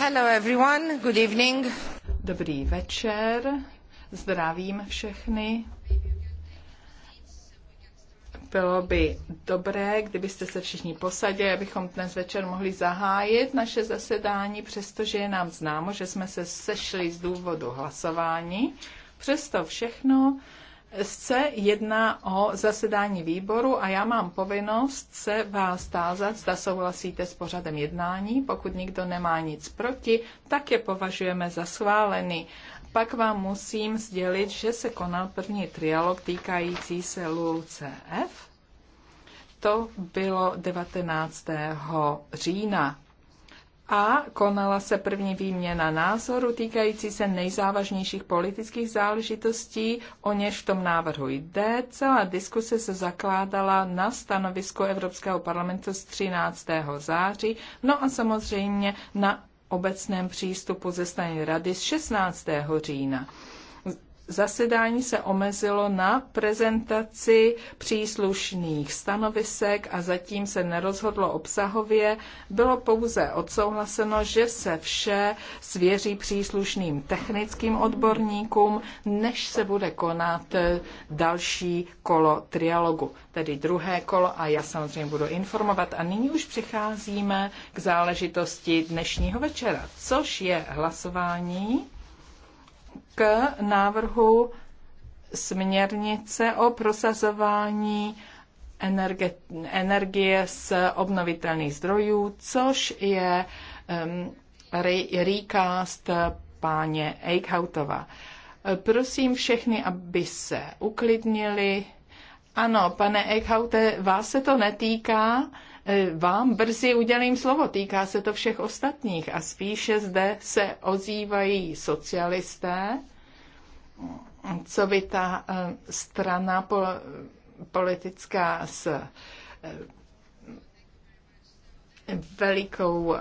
Hello everyone, good evening. Dobrý večer, zdravím všechny. Bylo by dobré, kdybyste se všichni posadili, abychom dnes večer mohli zahájit naše zasedání, přestože je nám známo, že jsme se sešli z důvodu hlasování. Přesto všechno se jedná o zasedání výboru a já mám povinnost se vás tázat, zda souhlasíte s pořadem jednání. Pokud nikdo nemá nic proti, tak je považujeme za schválený. Pak vám musím sdělit, že se konal první trialog týkající se LULCF. To bylo 19. října a konala se první výměna názoru týkající se nejzávažnějších politických záležitostí, o něž v tom návrhu jde. Celá diskuse se zakládala na stanovisku Evropského parlamentu z 13. září, no a samozřejmě na obecném přístupu ze strany Rady z 16. října zasedání se omezilo na prezentaci příslušných stanovisek a zatím se nerozhodlo obsahově. Bylo pouze odsouhlaseno, že se vše svěří příslušným technickým odborníkům, než se bude konat eh, další kolo trialogu, tedy druhé kolo a já samozřejmě budu informovat. A nyní už přicházíme k záležitosti dnešního večera, což je hlasování k návrhu směrnice o prosazování energie, energie z obnovitelných zdrojů, což je um, recast páně Eichhautova. Prosím všechny, aby se uklidnili. Ano, pane Eichhaute, vás se to netýká, vám brzy udělím slovo, týká se to všech ostatních a spíše zde se ozývají socialisté, co by ta eh, strana politická s eh, velikou eh,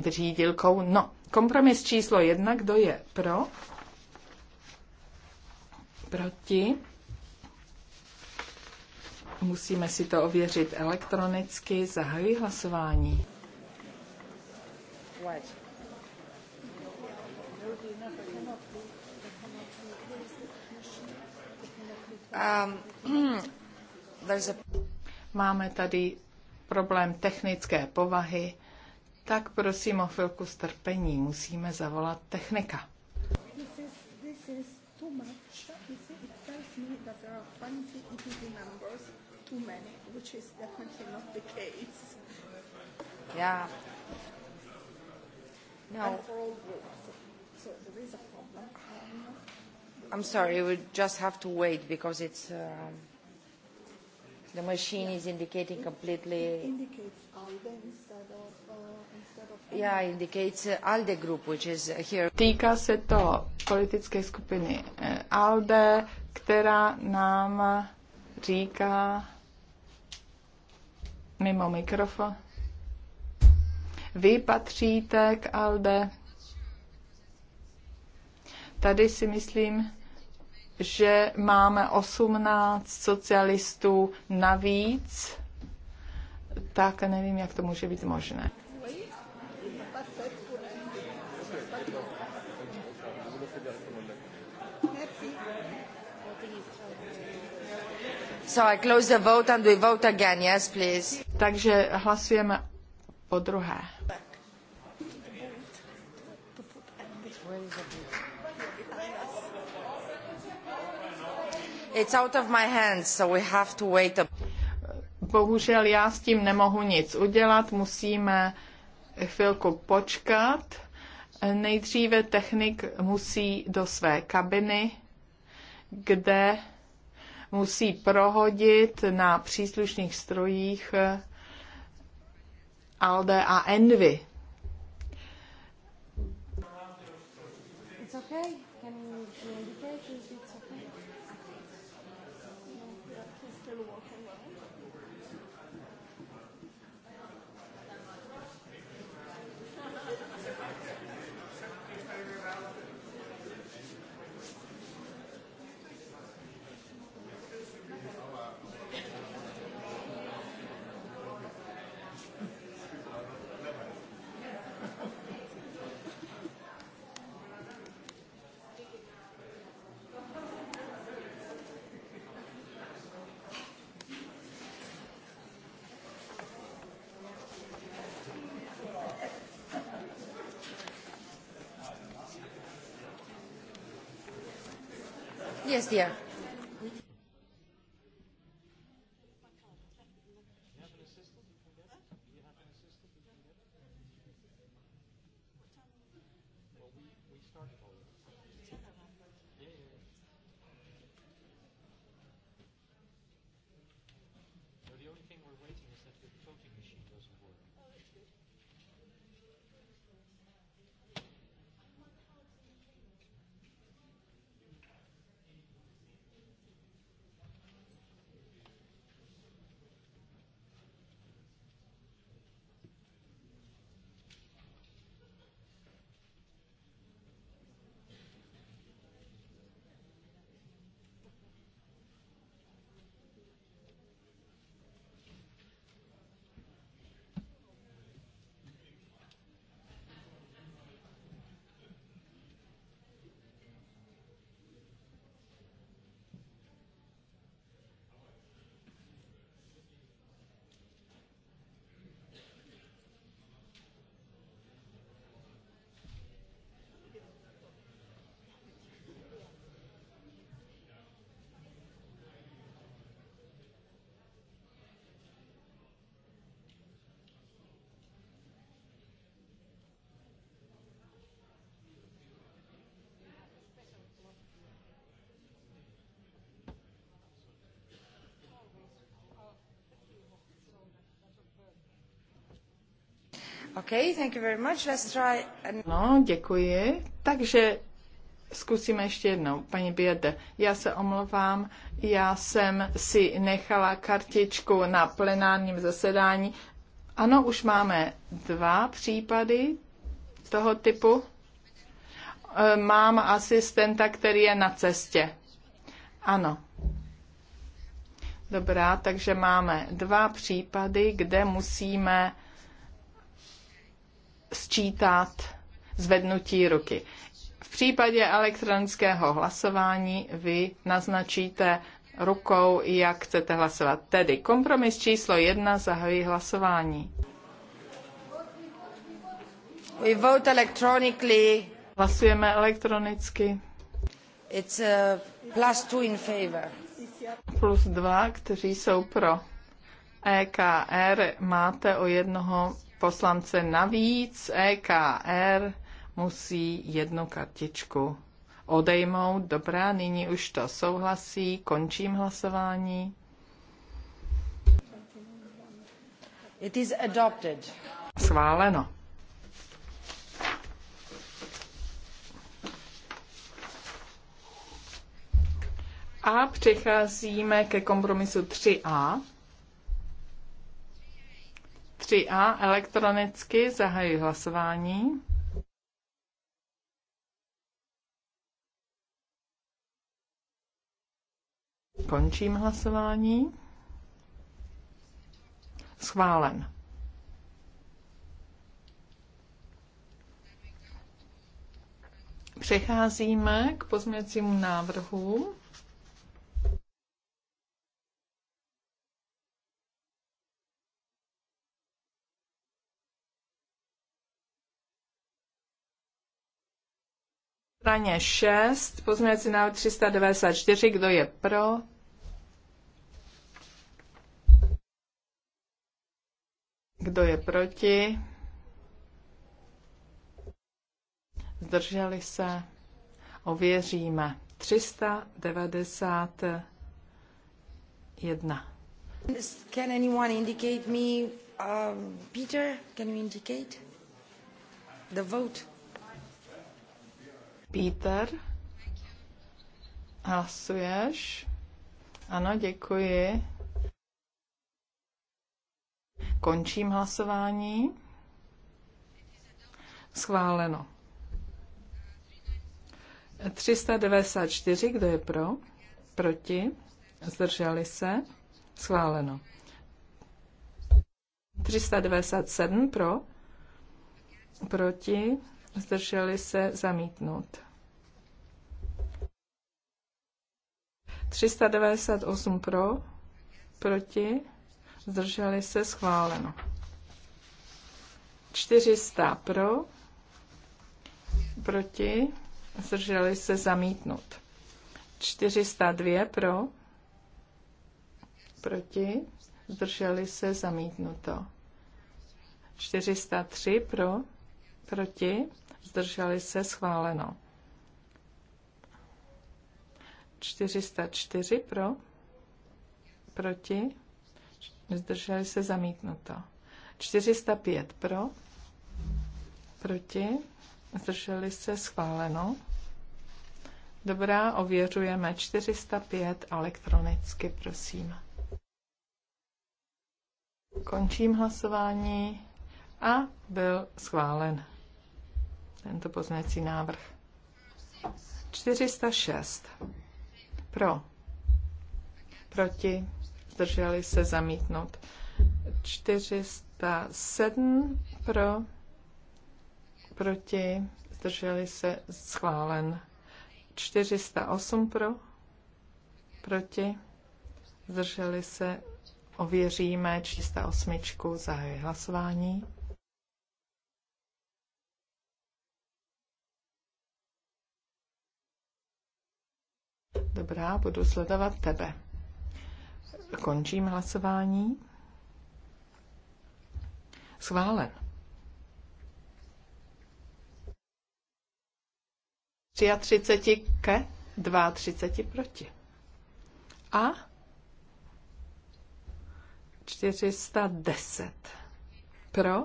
vyřídilkou. No, kompromis číslo jedna, kdo je pro? Proti? musíme si to ověřit elektronicky. Zahajuji hlasování. Um, Máme tady problém technické povahy, tak prosím o chvilku strpení. Musíme zavolat technika. This is, this is too many, which is definitely not the case. Yeah. No. And for all groups. So there is a problem. I'm sorry, we just have to wait because it's. um, the machine yeah. is indicating it, completely. It indicates ALDE instead of. Uh, instead yeah, indicates uh, ALDE group, which is uh, here. Týká se to politické skupiny eh, ALDE, která nám říká, mimo mikrofon. Vy patříte k Albe. Tady si myslím, že máme 18 socialistů navíc, tak nevím, jak to může být možné. So I close the vote and we vote again, yes, please. Takže hlasujeme po druhé. It's out of my hands, so we have to wait a... Bohužel já s tím nemohu nic udělat, musíme chvilku počkat. Nejdříve technik musí do své kabiny, kde musí prohodit na příslušných strojích eh, ALDE a ENVY. It's okay. there. Okay, thank you very much. Let's try No, děkuji. Takže zkusíme ještě jednou. Paní Běde, já se omlouvám, já jsem si nechala kartičku na plenárním zasedání. Ano, už máme dva případy toho typu. E, mám asistenta, který je na cestě. Ano. Dobrá, takže máme dva případy, kde musíme sčítat zvednutí ruky. V případě elektronického hlasování vy naznačíte rukou, jak chcete hlasovat. Tedy kompromis číslo jedna zahojí hlasování. We vote electronically. Hlasujeme elektronicky. It's a uh, plus two in favor. Plus dva, kteří jsou pro. EKR máte o jednoho poslance navíc EKR musí jednu kartičku odejmout. Dobrá, nyní už to souhlasí. Končím hlasování. It is adopted. Schváleno. A přecházíme ke kompromisu 3a. 3A elektronicky zahajuji hlasování. Končím hlasování. Schválen. Přecházíme k pozměňovacímu návrhu straně 6, pozměňovací návrh 394, kdo je pro? Kdo je proti? Zdrželi se? Ověříme. 391. Can anyone indicate me? Um, Peter, can you indicate the vote? Peter, hlasuješ? Ano, děkuji. Končím hlasování. Schváleno. 394, kdo je pro? Proti? Zdrželi se? Schváleno. 397 pro? Proti? zdrželi se zamítnout. 398 pro, proti, zdrželi se schváleno. 400 pro, proti, zdrželi se zamítnout. 402 pro, proti, zdrželi se zamítnuto. 403 pro, proti, zdrželi se, schváleno. 404 pro, proti, zdrželi se, zamítnuto. 405 pro, proti, zdrželi se, schváleno. Dobrá, ověřujeme 405 elektronicky, prosím. Končím hlasování a byl schválen tento poznací návrh. 406. Pro. Proti. Zdrželi se zamítnout. 407 pro. Proti. Zdrželi se schválen. 408 pro. Proti. Zdrželi se. Ověříme 408. Zahajuji hlasování. Dobrá, budu sledovat tebe. Končím hlasování. Schválen. a 33 ke 32 proti. A 410 pro,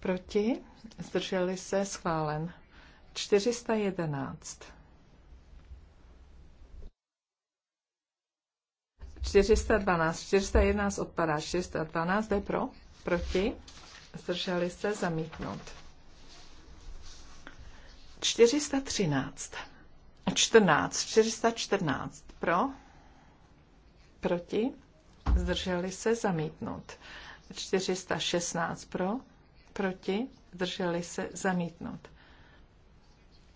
proti, zdrželi se schválen. 411 412, 411 odpadá, 412 jde pro, proti, zdrželi se zamítnout. 413, 14, 414 pro, proti, zdrželi se zamítnout. 416 pro, proti, zdrželi se zamítnout.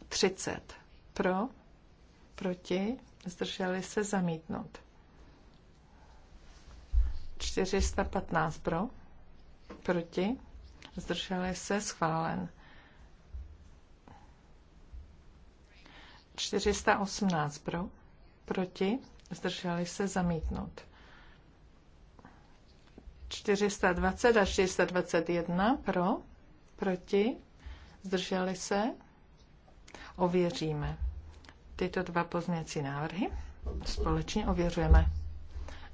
30 pro, proti, zdrželi se zamítnout. 415 pro, proti, zdrželi se, schválen. 418 pro, proti, zdrželi se, zamítnout. 420 a 421 pro, proti, zdrželi se, ověříme. Tyto dva pozměcí návrhy společně ověřujeme.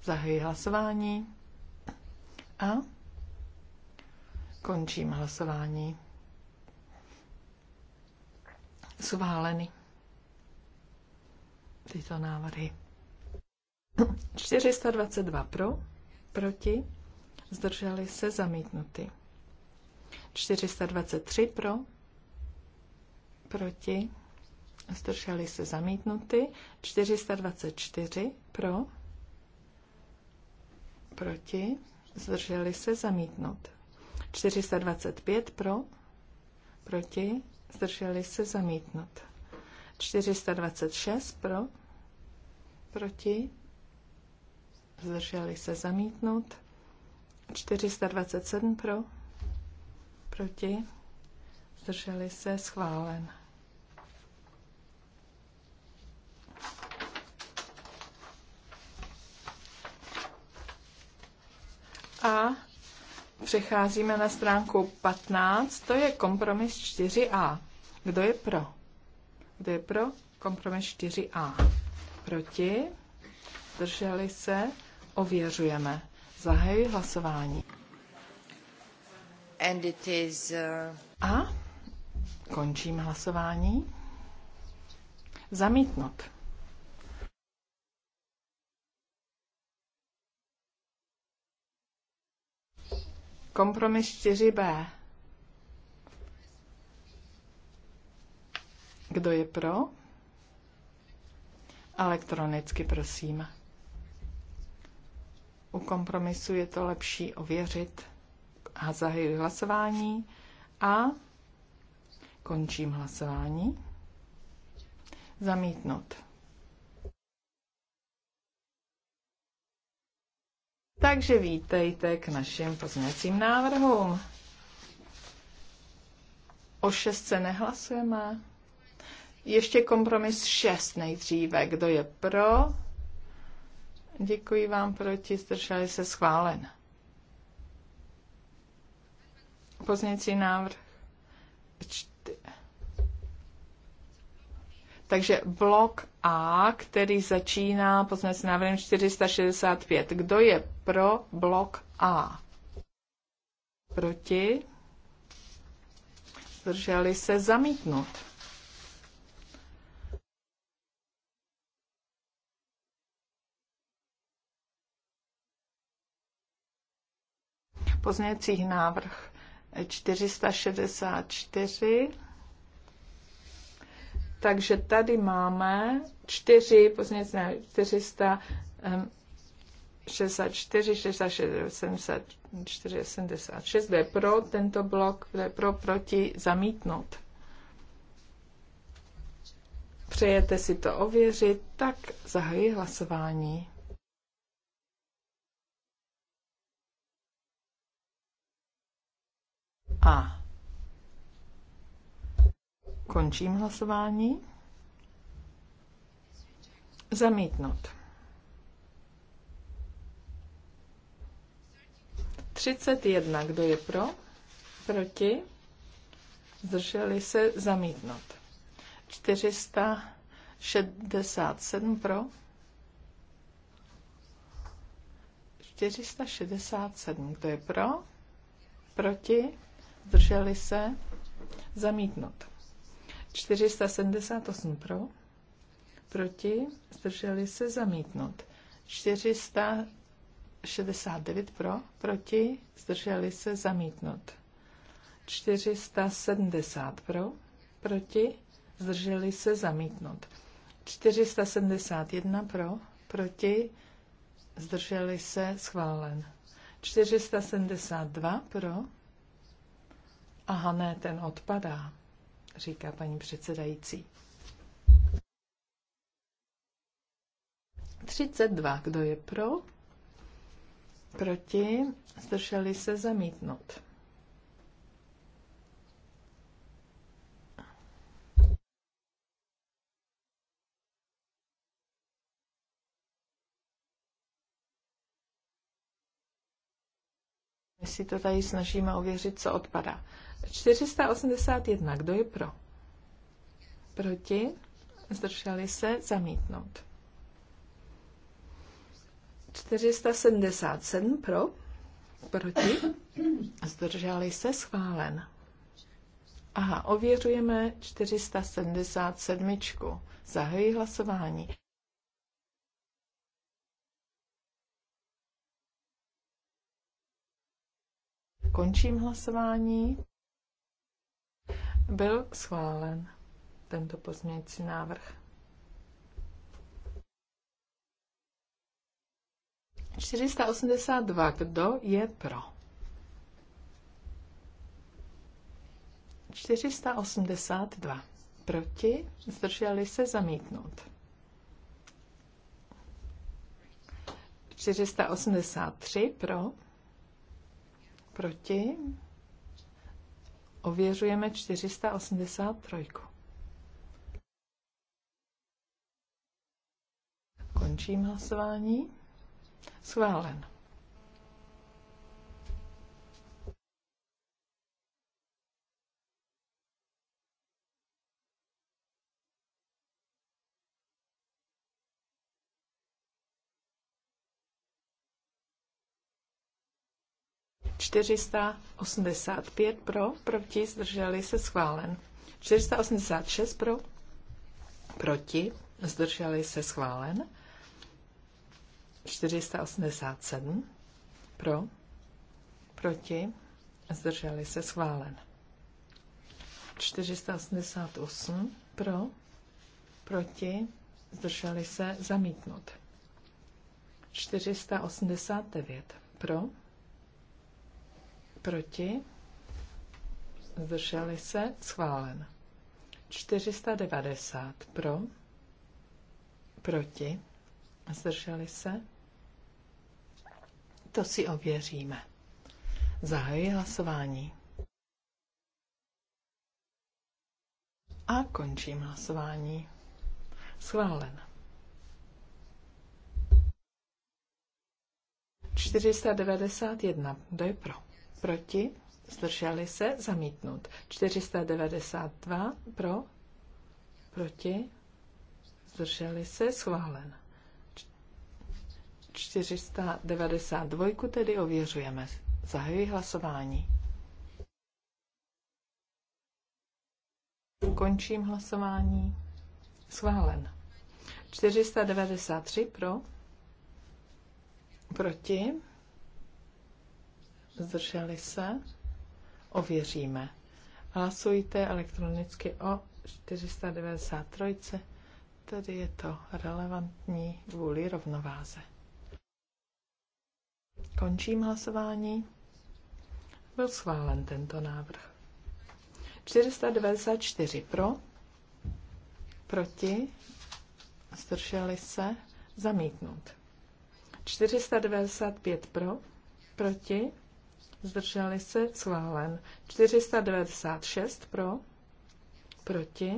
Zahajuji hlasování. A končím hlasování. Jsou tyto návrhy. 422 pro, proti, zdrželi se zamítnuty. 423 pro, proti, zdrželi se zamítnuty. 424 pro, proti, zdrželi se zamítnout. 425 pro, proti, zdrželi se zamítnout. 426 pro, proti, zdrželi se zamítnout. 427 pro, proti, zdrželi se schválen. a přecházíme na stránku 15, to je kompromis 4a. Kdo je pro? Kdo je pro? Kompromis 4a. Proti? Drželi se? Ověřujeme. Zahajuji hlasování. And it is, uh... A končím hlasování. Zamítnout. Kompromis 4b. Kdo je pro? Elektronicky, prosím. U kompromisu je to lepší ověřit a zahajuji hlasování a končím hlasování. Zamítnout. Takže vítejte k našim pozměňovacím návrhům. O šestce nehlasujeme. Ještě kompromis šest nejdříve. Kdo je pro? Děkuji vám proti, zdrželi se schválen. Pozměňovací návrh takže blok A, který začíná poslanec návrhem 465. Kdo je pro blok A? Proti? Zdrželi se zamítnout. Pozměňovací návrh 464 takže tady máme čtyři, pozměňovací 400 um, 64, 66, 74, 76, kde je pro tento blok, kde je pro, proti, zamítnout. Přejete si to ověřit, tak zahají hlasování. A Končím hlasování. Zamítnout. 31. Kdo je pro? Proti? Zdrželi se zamítnout. 467 pro? 467. Kdo je pro? Proti? Zdrželi se zamítnout. 478 pro, proti, zdrželi se zamítnout. 469 pro, proti, zdrželi se zamítnout. 470 pro, proti, zdrželi se zamítnout. 471 pro, proti, zdrželi se schválen. 472 pro, aha ne, ten odpadá říká paní předsedající. 32. Kdo je pro? Proti? Zdrželi se zamítnout. My si to tady snažíme ověřit, co odpadá. 481. Kdo je pro? Proti? Zdrželi se? Zamítnout. 477 pro? Proti? Zdrželi se? Schválen. Aha, ověřujeme 477. Zahajuji hlasování. Končím hlasování. Byl schválen tento pozměňující návrh. 482. Kdo je pro? 482. Proti? Zdrželi se zamítnout. 483 pro, proti, Ověřujeme 483. Končím hlasování. Schválen. 485 pro, proti, zdrželi se schválen. 486 pro, proti, zdrželi se schválen. 487 pro, proti, zdrželi se schválen. 488 pro, proti, zdrželi se zamítnut. 489 pro, Proti? Zdrželi se? Schválen. 490 pro. Proti? Zdrželi se? To si ověříme. Zahajuji hlasování. A končím hlasování. Schválen. 491. Kdo je pro? proti, zdrželi se, zamítnut. 492 pro, proti, zdrželi se, schválen. 492 tedy ověřujeme. Zahajuji hlasování. Končím hlasování. Schválen. 493 pro, proti, zdrželi se, ověříme. Hlasujte elektronicky o 493, tedy je to relevantní vůli rovnováze. Končím hlasování. Byl schválen tento návrh. 494 pro, proti, zdrželi se, zamítnout. 495 pro, proti, zdrželi se, schválen. 496 pro, proti,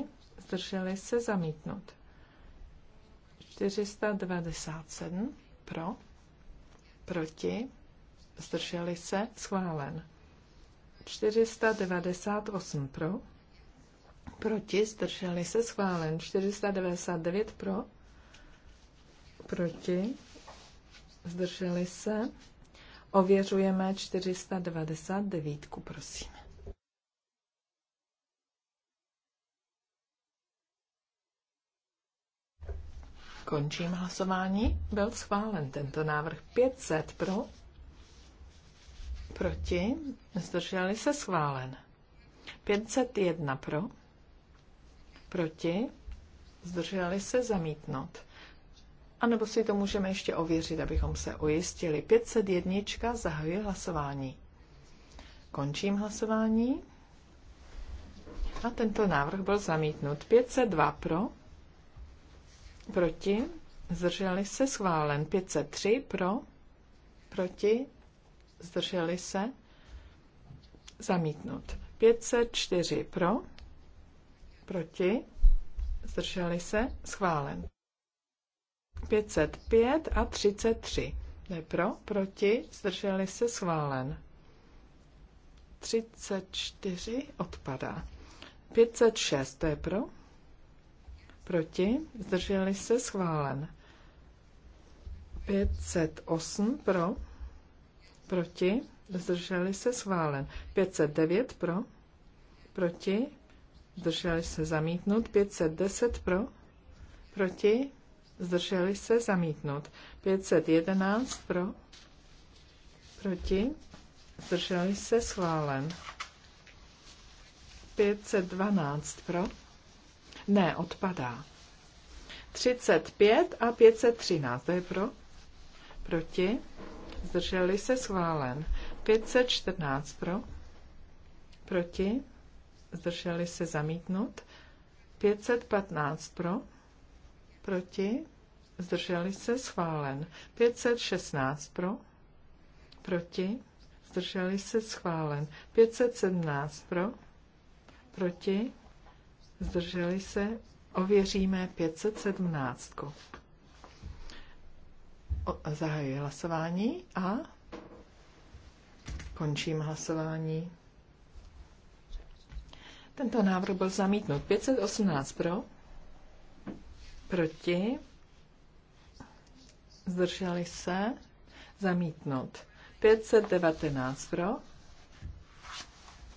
zdrželi se, zamítnut. 497 pro, proti, zdrželi se, schválen. 498 pro, proti, zdrželi se, schválen. 499 pro, proti, zdrželi se, Ověřujeme 499, prosím. Končím hlasování. Byl schválen tento návrh 500 pro, proti, zdrželi se schválen. 501 pro, proti, zdrželi se zamítnout. A nebo si to můžeme ještě ověřit, abychom se ujistili. 501 zahajuje hlasování. Končím hlasování. A tento návrh byl zamítnut. 502 pro, proti, zdrželi se, schválen. 503 pro, proti, zdrželi se, zamítnut. 504 pro, proti, zdrželi se, schválen. 505 a 33. Ne pro, proti, zdrželi se schválen. 34 odpadá. 506, to je pro. Proti, zdrželi se schválen. 508 pro. Proti, zdrželi se schválen. 509 pro. Proti, zdrželi se zamítnut. 510 pro. Proti, zdrželi se zamítnout. 511 pro, proti, zdrželi se schválen. 512 pro, ne, odpadá. 35 a 513, to je pro, proti, zdrželi se schválen. 514 pro, proti, zdrželi se zamítnout. 515 pro, Proti? Zdrželi se? Schválen. 516 pro? Proti? Zdrželi se? Schválen. 517 pro? Proti? Zdrželi se? Ověříme 517. Zahajuji hlasování a končím hlasování. Tento návrh byl zamítnut. 518 pro, Proti? Zdrželi se? Zamítnout. 519 pro.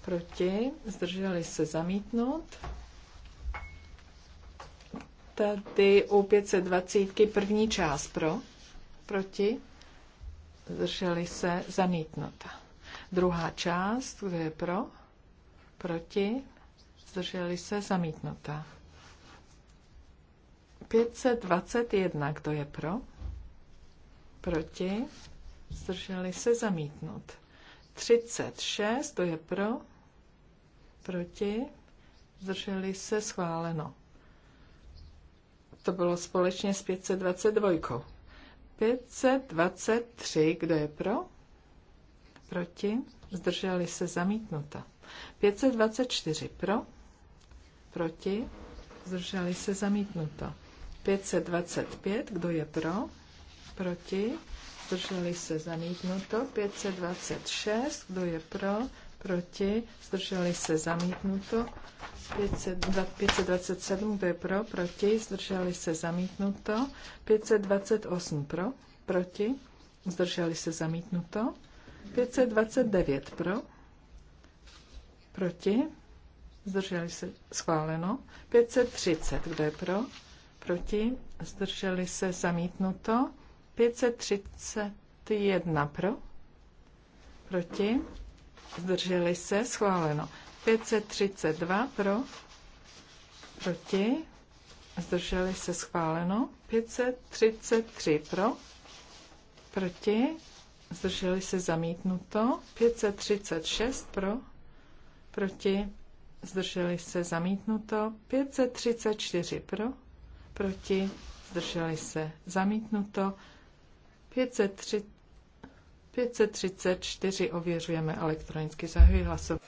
Proti? Zdrželi se? Zamítnout. Tady u 520 první část pro. Proti? Zdrželi se? zamítnout. Druhá část, kde je pro? Proti? Zdrželi se? zamítnout. 521, kdo je pro? Proti? Zdrželi se zamítnout. 36, to je pro? Proti? Zdrželi se schváleno. To bylo společně s 522. 523, kdo je pro? Proti? Zdrželi se zamítnuta. 524 pro? Proti? Zdrželi se zamítnuto. 525, kdo je pro, proti, zdrželi se zamítnuto. 526, kdo je pro, proti, zdrželi se zamítnuto. 527, kdo je pro, proti, zdrželi se zamítnuto. 528 pro, proti, zdrželi se zamítnuto. 529 pro, proti, zdrželi se schváleno. 530, kdo je pro, proti, zdrželi se zamítnuto, 531 pro, proti, zdrželi se schváleno, 532 pro, proti, zdrželi se schváleno, 533 pro, proti, zdrželi se zamítnuto, 536 pro, proti, zdrželi se zamítnuto, 534 pro, proti, zdrželi se zamítnuto. 534 ověřujeme elektronicky. Zahajuji hlasování.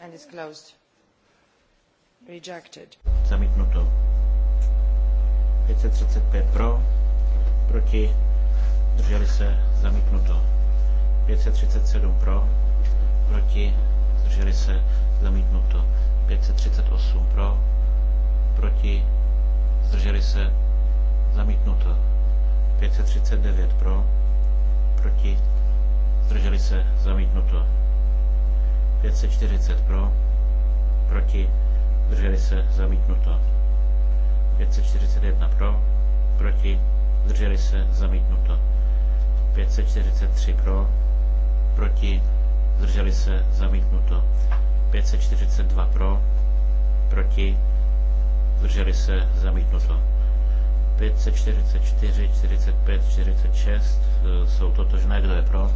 And it's closed. Rejected. Zamítnuto. 535 pro, proti, drželi se, zamítnuto. 537 pro, proti, zdrželi se, zamítnuto. 538 pro, proti, zdrželi se, zamítnuto. 539 pro, proti, zdrželi se, zamítnuto. 540 pro, proti, zdrželi se, zamítnuto. 541 pro, proti, zdrželi se, zamítnuto. 543 pro, proti, zdrželi se, zamítnuto. 542 pro, proti, zdrželi se, zamítnuto. 544, 45, 46 jsou totožné, kdo je pro,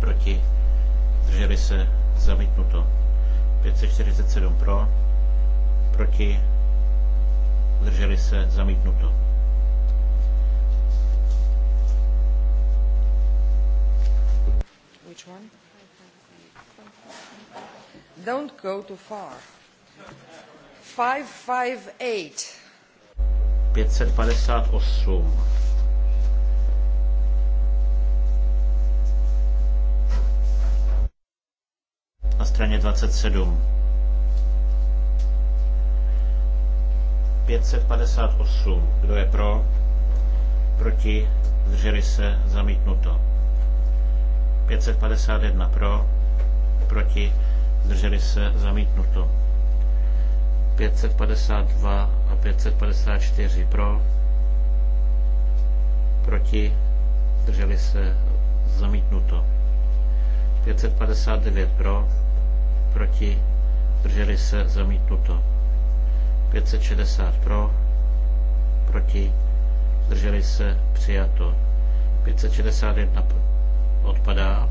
proti, zdrželi se, zamítnuto. 547 pro, proti, zdrželi se, zamítnuto. don't go too far. 558. 558. na straně 27. 558. Kdo je pro? Proti? Zdrželi se? Zamítnuto. 551 pro? Proti? zdrželi se, zamítnuto. 552 a 554 pro, proti, zdrželi se, zamítnuto. 559 pro, proti, zdrželi se, zamítnuto. 560 pro, proti, zdrželi se, přijato. 561 odpadá,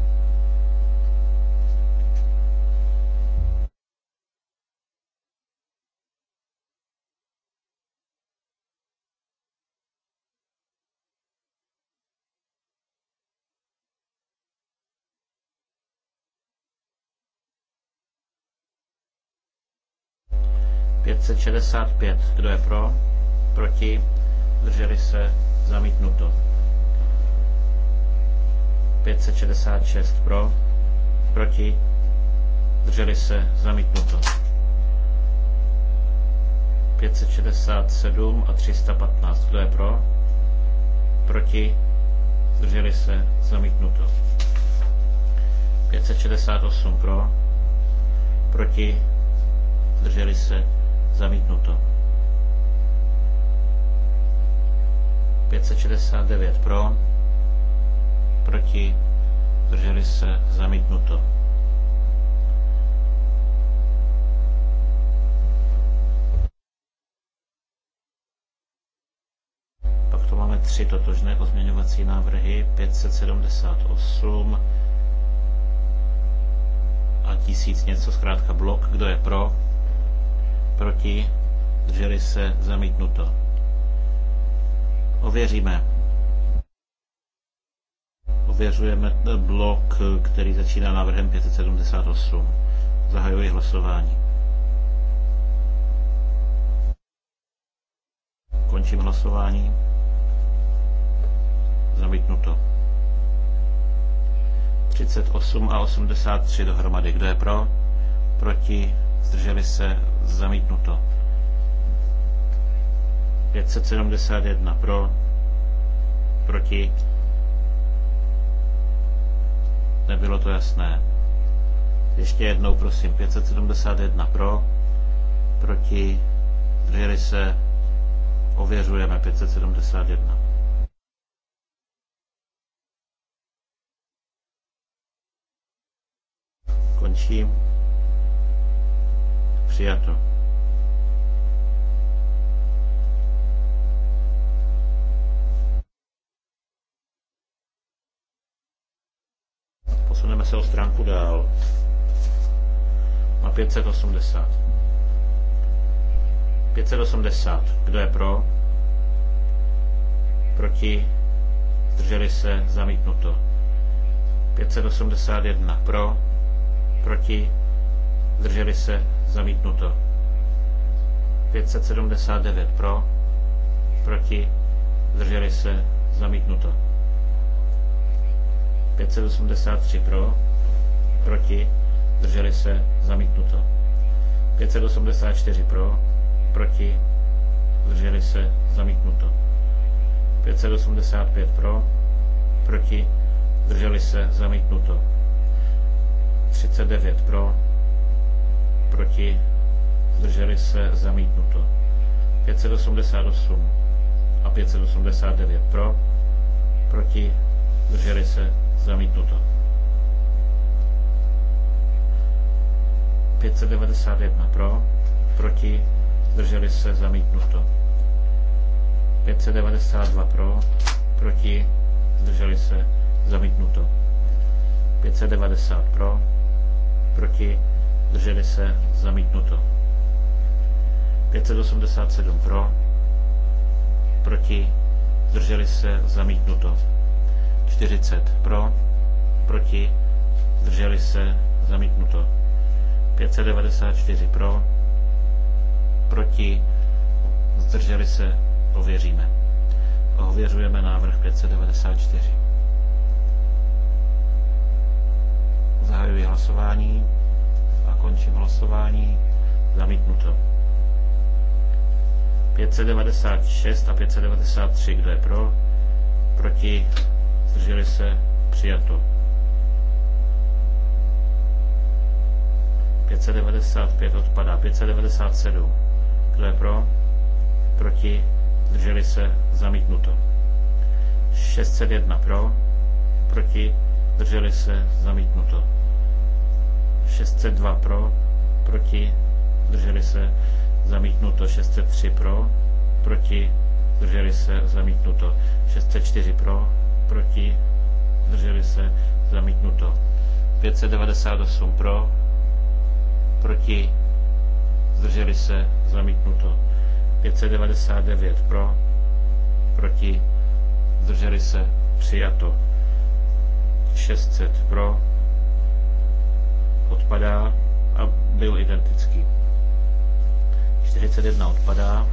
1065. Kdo je pro? Proti? drželi se? Zamítnuto. 566 pro, proti, drželi se, zamítnuto. 567 a 315, kdo je pro, proti, drželi se, zamítnuto. 568 pro, proti, drželi se, Zamítnuto. 569 pro, proti, Drželi se, zamítnuto. Pak to máme tři totožné pozměňovací návrhy, 578 a tisíc něco, zkrátka blok, kdo je pro, proti, drželi se, zamítnuto. Ověříme. Ověřujeme blok, který začíná návrhem 578. Zahajuji hlasování. Končím hlasování. Zamítnuto. 38 a 83 dohromady. Kdo je pro? Proti? Zdrželi se? Zamítnuto. 571 pro, proti. Nebylo to jasné. Ještě jednou, prosím. 571 pro, proti. Drželi se. Ověřujeme 571. Končím. Přijato. Posuneme se o stránku dál. Na 580. 580. Kdo je pro? Proti? Zdrželi se? Zamítnuto. 581. Pro? Proti? Zdrželi se? Zamítnuto. 579 pro, proti, zdrželi se, zamítnuto. 583 pro, proti, zdrželi se, zamítnuto. 584 pro, proti, zdrželi se, zamítnuto. 585 pro, proti, zdrželi se, zamítnuto. 39 pro, proti, zdrželi se, zamítnuto. 588 a 589 pro, proti, zdrželi se, zamítnuto. 591 pro, proti, zdrželi se, zamítnuto. 592 pro, proti, zdrželi se, zamítnuto. 590 pro, proti, zdrželi se, zamítnuto. 587 pro, proti, zdrželi se, zamítnuto. 40 pro, proti, zdrželi se, zamítnuto. 594 pro, proti, zdrželi se, ověříme. Ověřujeme návrh 594. Zahajuji hlasování a končím hlasování. Zamítnuto. 596 a 593, kdo je pro? Proti? Zdrželi se? Přijato. 595 odpadá. 597. Kdo je pro? Proti? Zdrželi se? Zamítnuto. 601 pro? Proti? Zdrželi se? Zamítnuto. 602 pro, proti, drželi se, zamítnuto 603 pro, proti, drželi se, zamítnuto 604 pro, proti, drželi se, zamítnuto 598 pro, proti, zdrželi se, zamítnuto 599 pro, proti, zdrželi se, přijato 600 pro, odpadá a byl identický. 41 odpadá.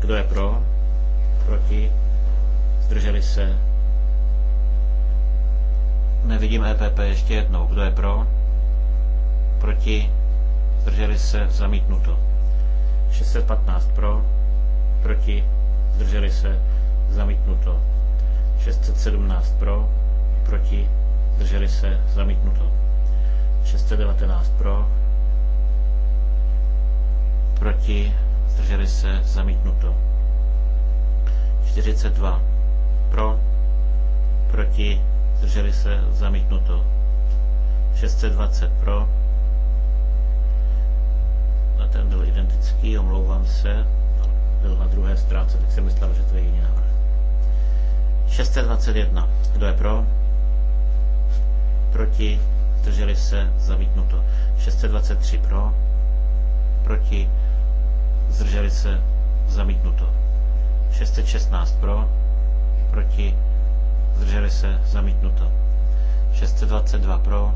Kdo je pro? Proti? Zdrželi se? Nevidím EPP ještě jednou. Kdo je pro? Proti? Zdrželi se? Zamítnuto. 615 pro, proti, zdrželi se, zamítnuto. 617 pro, proti, zdrželi se, zamítnuto. 619 pro, proti, zdrželi se, zamítnuto. 42 pro, proti, zdrželi se, zamítnuto. 620 pro, a ten byl identický, omlouvám se, byl na druhé stránce, tak jsem myslel, že to je jiný návrh. 621. Kdo je pro? Proti? Zdrželi se? Zamítnuto. 623 pro? Proti? Zdrželi se? Zamítnuto. 616 pro? Proti? Zdrželi se? Zamítnuto. 622 pro?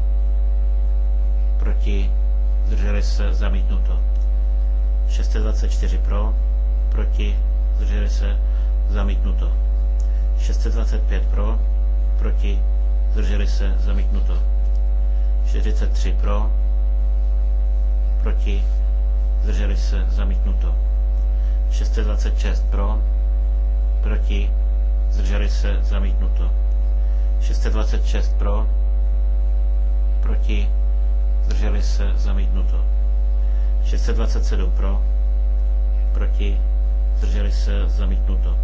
Proti? Zdrželi se? Zamítnuto. 624 pro, proti, zdrželi se, zamítnuto. 625 pro, proti, zdrželi se, zamítnuto. 43 pro, proti, zdrželi se, zamítnuto. 626 pro, proti, zdrželi se, zamítnuto. 626 pro, proti, zdrželi se, zamítnuto. 627 pro, proti, zdrželi se, zamítnuto.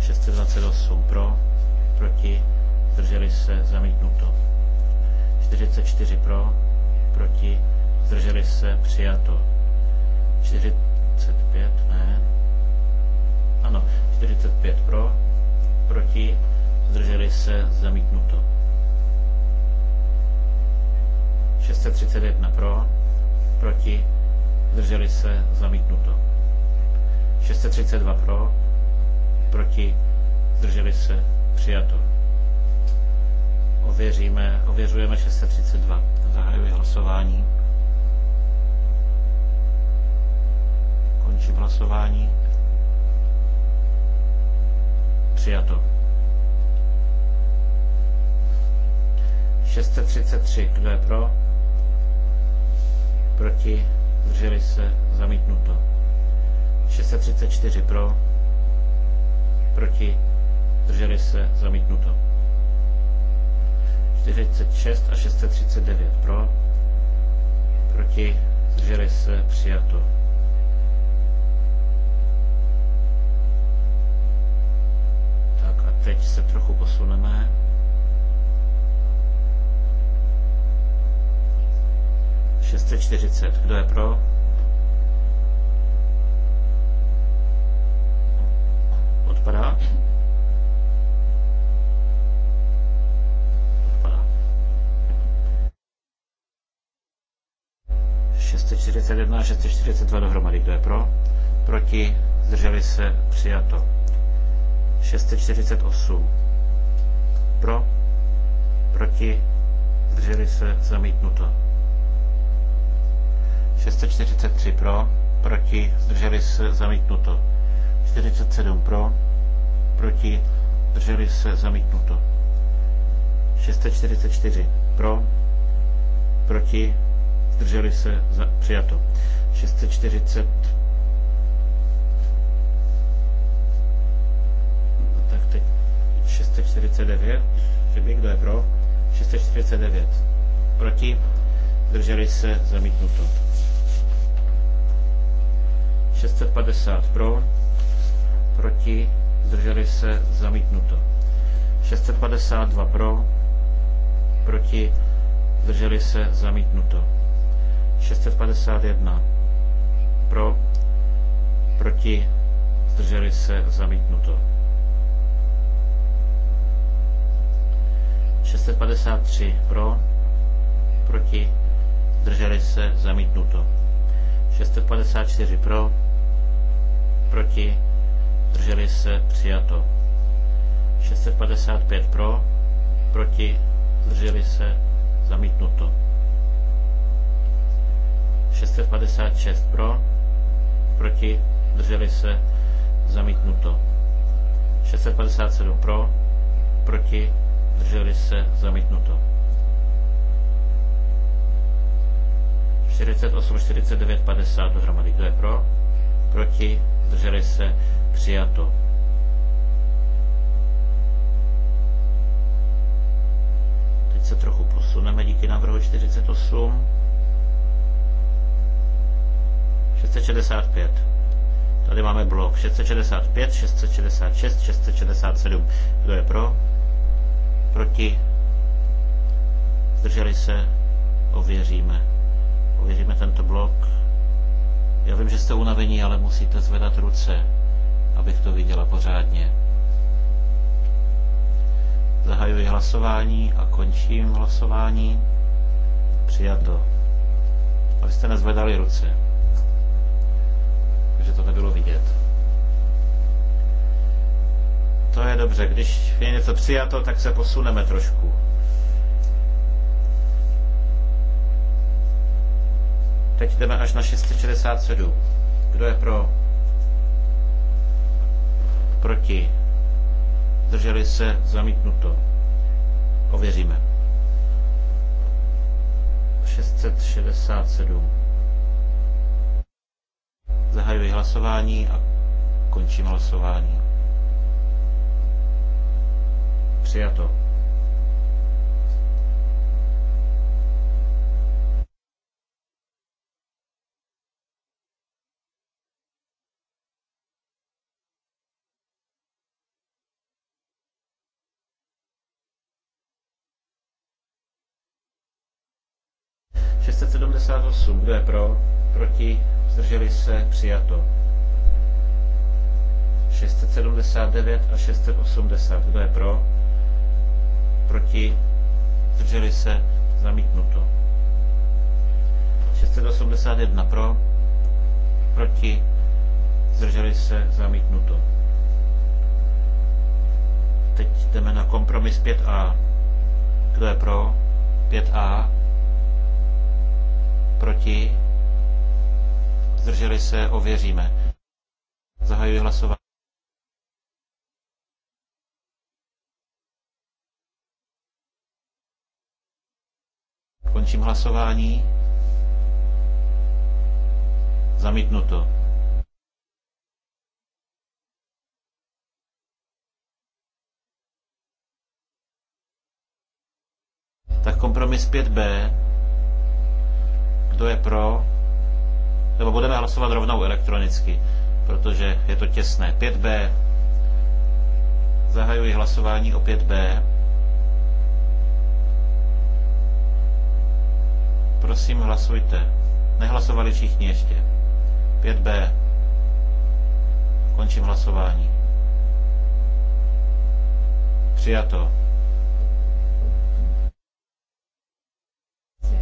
628 pro, proti, zdrželi se, zamítnuto. 44 pro, proti, zdrželi se, přijato. 45, ne. Ano, 45 pro, proti, zdrželi se, zamítnuto. 631 pro, proti, zdrželi se, zamítnuto. 632 pro, proti, zdrželi se, přijato. Ověříme, ověřujeme 632. Zahajuji hlasování. Končím hlasování. Přijato. 633. Kdo je pro? Proti? zdrželi se, zamítnuto. 634 pro, proti, zdrželi se, zamítnuto. 46 a 639 pro, proti, zdrželi se, přijato. Tak a teď se trochu posuneme. 640. Kdo je pro? Odpadá? Odpadá. 641 a 642 dohromady. Kdo je pro? Proti? Zdrželi se? Přijato. 648. Pro? Proti? Zdrželi se? Zamítnuto. 643 pro, proti, zdrželi se, zamítnuto. 47 pro, proti, zdrželi se, zamítnuto. 644 pro, proti, zdrželi se, za, přijato. 640 no tak teď 649, Přiběh, kdo je pro? 649. Proti? Zdrželi se, zamítnuto. 650 pro, proti, zdrželi se, zamítnuto. 652 pro, proti, zdrželi se, zamítnuto. 651 pro, proti, zdrželi se, zamítnuto. 653 pro, proti, zdrželi se, zamítnuto. 654 pro, proti, drželi se, přijato. 655 pro, proti, drželi se, zamítnuto. 656 pro, proti, drželi se, zamítnuto. 657 pro, proti, drželi se, zamítnuto. 48, 49, 50 dohromady. Kdo je pro? Proti? zdrželi se, přijato. Teď se trochu posuneme díky návrhu 48. 665. Tady máme blok 665, 666, 667. Kdo je pro? Proti? Zdrželi se? Ověříme. Ověříme tento blok. Já vím, že jste unavení, ale musíte zvedat ruce, abych to viděla pořádně. Zahajuji hlasování a končím hlasování. Přijato. Abyste nezvedali ruce. Takže to nebylo vidět. To je dobře, když je něco přijato, tak se posuneme trošku. Teď jdeme až na 667. Kdo je pro? Proti? Drželi se? Zamítnuto. Ověříme. 667. Zahajuji hlasování a končím hlasování. Přijato. 68. Kdo je pro? Proti? Zdrželi se? Přijato. 679 a 680. Kdo je pro? Proti? Zdrželi se? Zamítnuto. 681 pro? Proti? Zdrželi se? Zamítnuto. Teď jdeme na kompromis 5a. Kdo je pro? 5a proti, zdrželi se, ověříme. Zahajuji hlasování. Končím hlasování. Zamítnuto. Tak kompromis 5b kdo je pro? Nebo budeme hlasovat rovnou elektronicky, protože je to těsné. 5B. Zahajuji hlasování o 5B. Prosím, hlasujte. Nehlasovali všichni ještě. 5B. Končím hlasování. Přijato.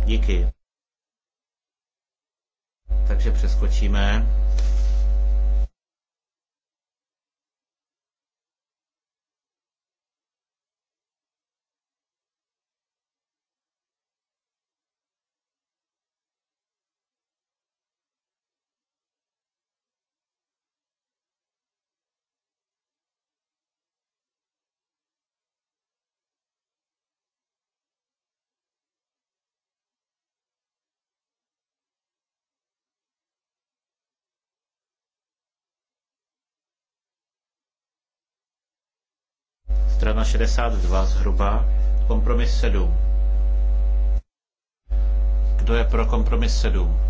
Díky. Takže přeskočíme. strana 62 zhruba, kompromis 7. Kdo je pro kompromis 7?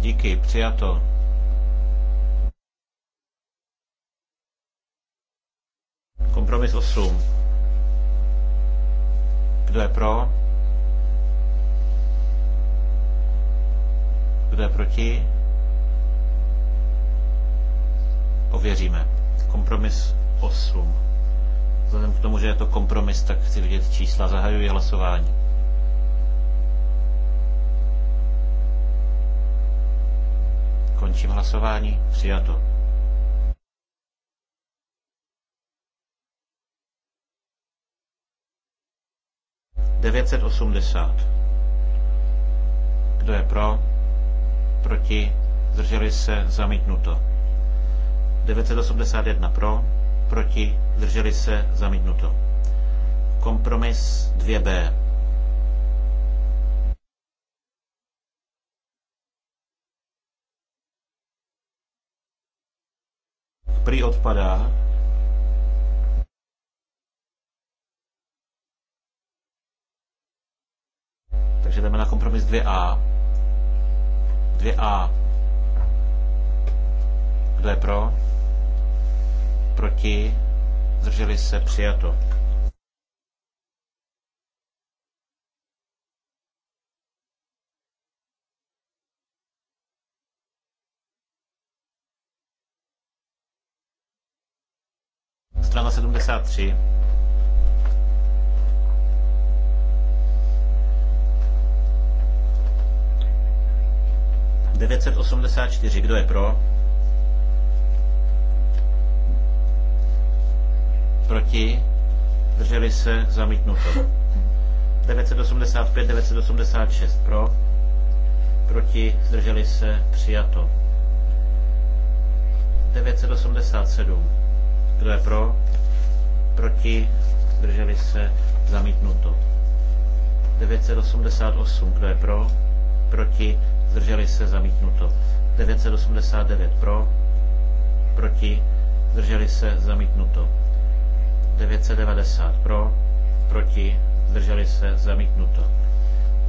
Díky, přijato. Kompromis 8. Kdo je pro? Kdo je proti? Ověříme. Kompromis 8. Vzhledem k tomu, že je to kompromis, tak chci vidět čísla. Zahajuji hlasování. Končím hlasování. Přijato. Devětset osmdesát. Kdo je pro? Proti? Zdrželi se? Zamítnuto. 981 pro, proti, drželi se, zamítnuto. Kompromis 2b. Prý odpadá. Takže jdeme na kompromis 2a. 2a. Kdo je pro? Proti? Zdrželi se? Přijato. Strana 73. Devětset osmdesát čtyři. Kdo je pro? proti, zdrželi se, zamítnuto. 985, 986 pro, proti, zdrželi se, přijato. 987, kdo je pro, proti, zdrželi se, zamítnuto. 988, kdo je pro, proti, zdrželi se, zamítnuto. 989 pro, proti, zdrželi se, zamítnuto. 990 pro, proti, zdrželi se, zamítnuto.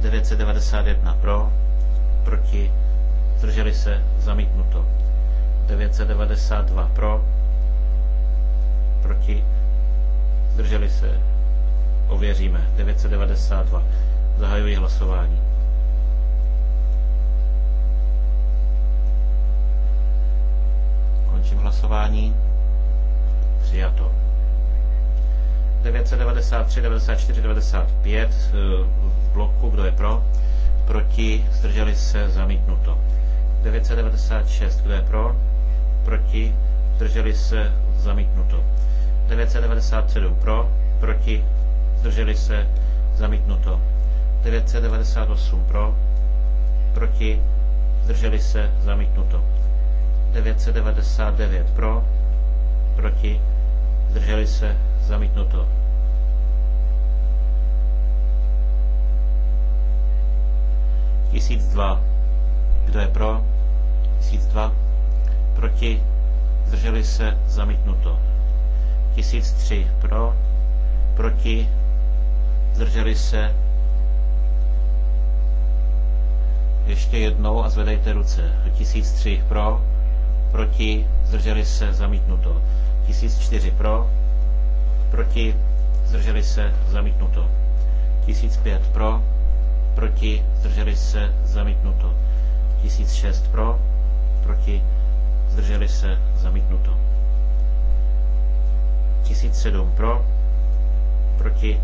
991 pro, proti, zdrželi se, zamítnuto. 992 pro, proti, zdrželi se, ověříme. 992. Zahajuji hlasování. Končím hlasování. Přijato. 993, 94, 95 v bloku, kdo je pro, proti, zdrželi se, zamítnuto. 996, kdo je pro, proti, zdrželi se, zamítnuto. 997 pro, proti, zdrželi se, zamítnuto. 998 pro, proti, zdrželi se, zamítnuto. 999 pro, proti, zdrželi se, Zamítnuto. Tisíc dva. Kdo je pro? Tisíc dva. Proti? Zdrželi se? Zamítnuto. Tisíc tři. Pro? Proti? Zdrželi se? Ještě jednou a zvedejte ruce. Tisíc tři. Pro? Proti? Zdrželi se? Zamítnuto. 1004 pro, proti, zdrželi se, zamítnuto. 1005 pro, proti, zdrželi se, zamítnuto. 1006 pro, proti, zdrželi se, zamítnuto. 1007 pro, proti,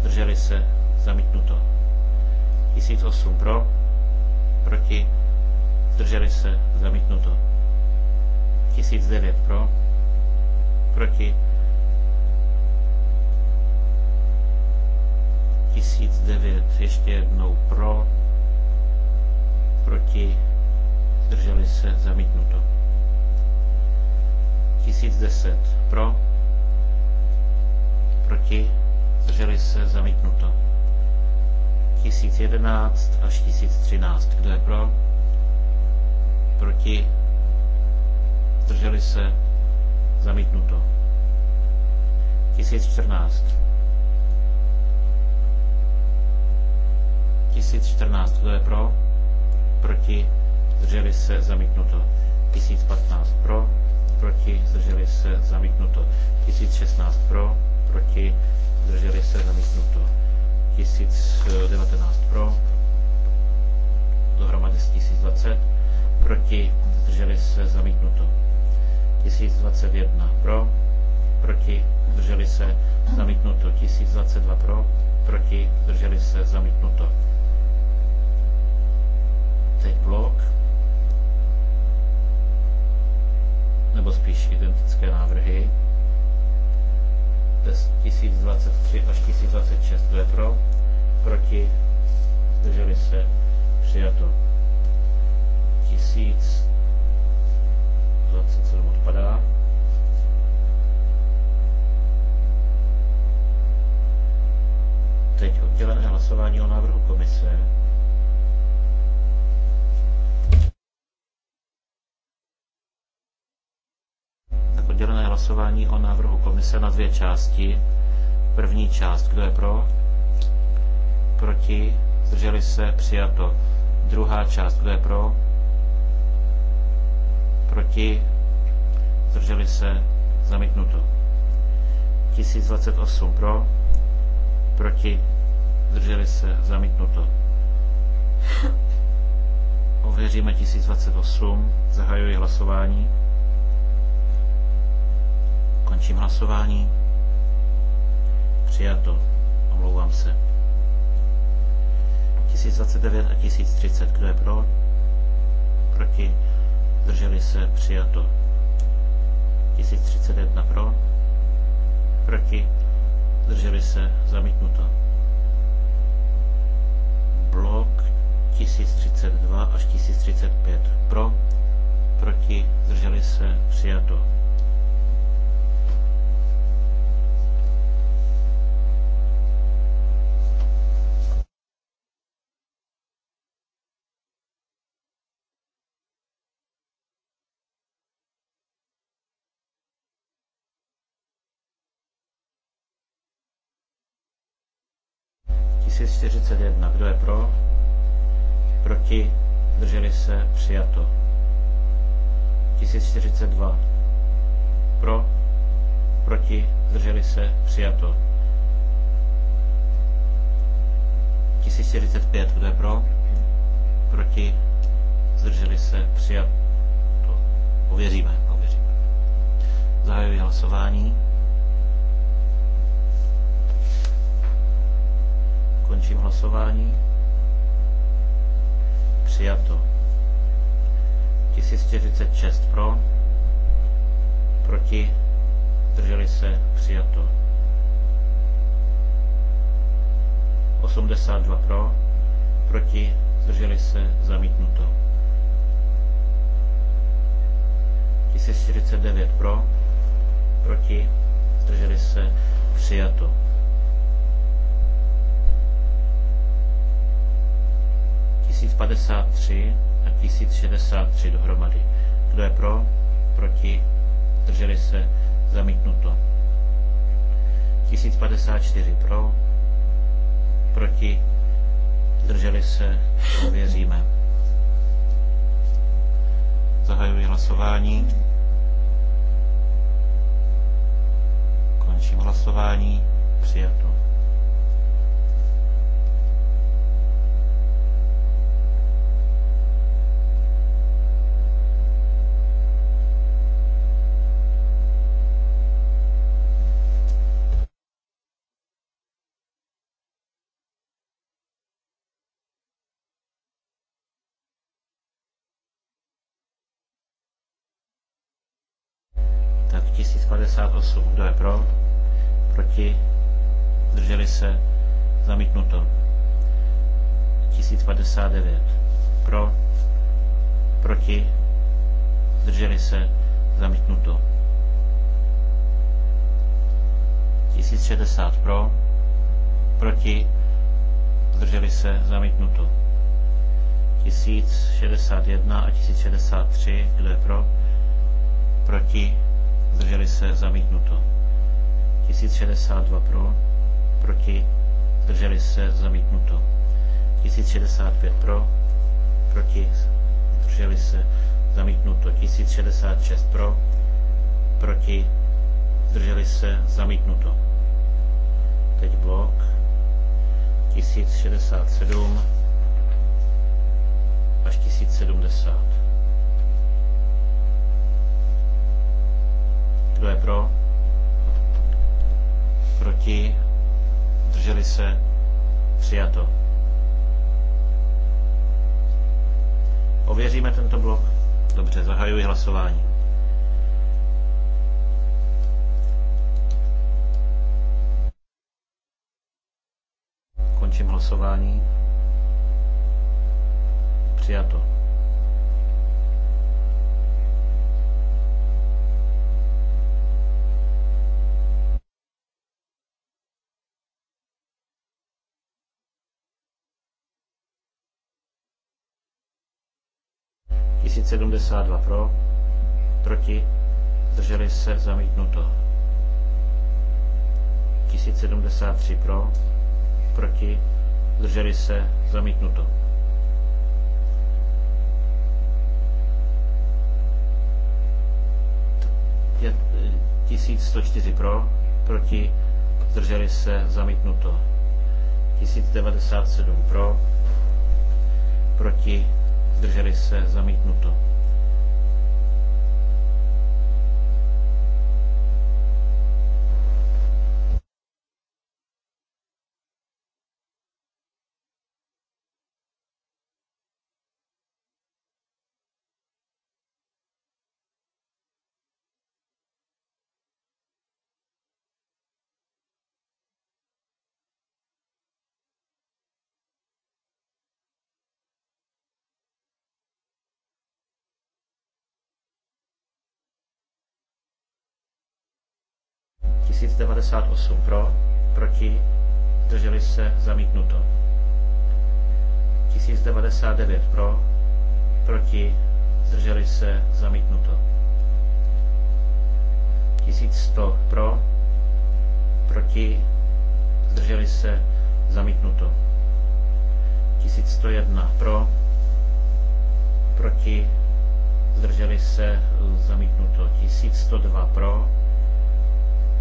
zdrželi se, zamítnuto. 1008 pro, proti, zdrželi se, zamítnuto. 1009 pro, proti, zdrželi se, zamítnuto. 1009 ještě jednou pro, proti, zdrželi se, zamítnuto. 1010 pro, proti, zdrželi se, zamítnuto. 1011 až 1013, kdo je pro, proti, zdrželi se, zamítnuto. 1014 1014, kdo je pro? Proti? Zdrželi se? Zamítnuto. 1015 pro? Proti? Zdrželi se? Zamítnuto. 1016 pro? Proti? Zdrželi se? Zamítnuto. 1019 pro? Dohromady 1020. Proti? Zdrželi se? Zamítnuto. 1021 pro? Proti? Zdrželi se? Zamítnuto. 1022 pro? Proti? Zdrželi se? Zamítnuto teď blok, nebo spíš identické návrhy, 1023 až 1026, kdo pro, proti, zdrželi se, přijato 1027 odpadá, teď oddělené hlasování o návrhu komise tak oddělené hlasování o návrhu komise na dvě části. První část, kdo je pro? Proti? Zdrželi se? Přijato. Druhá část, kdo je pro? Proti? Zdrželi se? Zamítnuto. 1028 pro? Proti? Zdrželi se? Zamítnuto. Ověříme 1028. Zahajuji hlasování. Končím hlasování. Přijato. Omlouvám se. 1029 a 1030. Kdo je pro? Proti? Zdrželi se? Přijato. 1031 pro? Proti? Zdrželi se? Zamítnuto. Blok 1032 až 1035 pro? Proti? Zdrželi se? Přijato. 241. Kdo je pro? Proti? Zdrželi se? Přijato. 1042. Pro? Proti? Zdrželi se? Přijato. 1045. Kdo je pro? Proti? Zdrželi se? Přijato. Ověříme. Ověříme. Zahajuji hlasování. Končím hlasování. Přijato. 1046 pro, proti, zdrželi se, přijato. 82 pro, proti, zdrželi se, zamítnuto. 1049 pro, proti, zdrželi se, přijato. 1053 a 1063 dohromady. Kdo je pro? Proti? Drželi se? Zamítnuto. 1054 pro? Proti? Drželi se? Ověříme. Zahajuji hlasování. Končím hlasování. Přijato. 98. Kdo je pro? Proti? Zdrželi se? Zamítnuto. 1059. Pro? Proti? Zdrželi se? Zamítnuto. 1060 pro, proti, zdrželi se, zamítnuto. 1061 a 1063, kdo je pro, proti, zdrželi se, zamítnuto. 1062 pro, proti, zdrželi se, zamítnuto. 1065 pro, proti, zdrželi se, zamítnuto. 1066 pro, proti, zdrželi se, zamítnuto. Teď blok 1067 až 1070. Kdo je pro? Proti? Drželi se? Přijato. Ověříme tento blok? Dobře, zahajuji hlasování. Končím hlasování. Přijato. 1072 pro, proti, zdrželi se, zamítnuto. 1073 pro, proti, zdrželi se, zamítnuto. Je 1104 e, pro, proti, zdrželi se, zamítnuto. 1097 pro, proti, zdrželi se, zamítnuto. 1098 pro, proti, zdrželi se, zamítnuto. 1099 pro, proti, zdrželi se, zamítnuto. 1100 pro, proti, zdrželi se, zamítnuto. 1101 pro, proti, zdrželi se, zamítnuto. 1102 pro,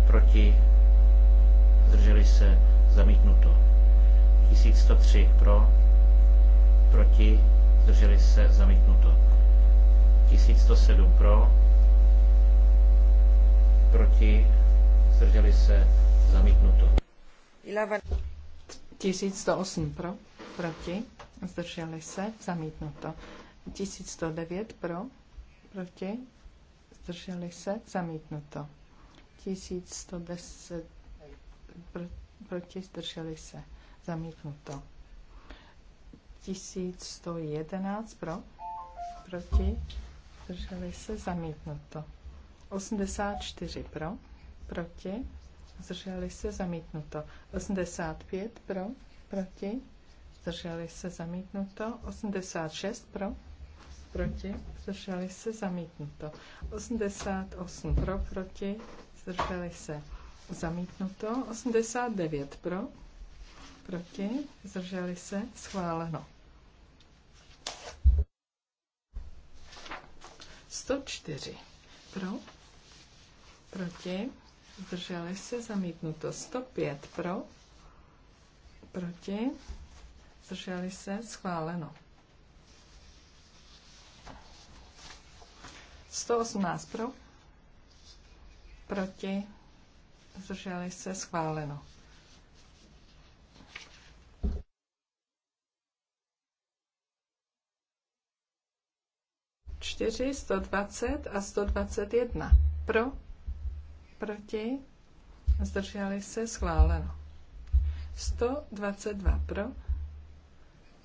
proti, zdrželi se, zamítnuto. 1103 pro, proti, zdrželi se, zamítnuto. 1107 pro, proti, zdrželi se, zamítnuto. 1108 pro, proti, zdrželi se, zamítnuto. 1109 pro, proti, zdrželi se, zamítnuto. 1110 pro, proti, zdrželi se, zamítnuto. 1111 pro, proti, zdrželi se, zamítnuto. 84 pro, proti, zdrželi se, zamítnuto. 85 pro, proti, zdrželi se, zamítnuto. 86 pro, proti, zdrželi se, zamítnuto. 88 pro, proti, zdrželi se zamítnuto, 89 pro, proti, zdrželi se schváleno. 104 pro, proti, zdrželi se zamítnuto, 105 pro, proti, zdrželi se schváleno. 118 pro, proti, zdrželi se, schváleno. Čtyři, 120 a 121. Pro, proti, zdrželi se, schváleno. 122 pro,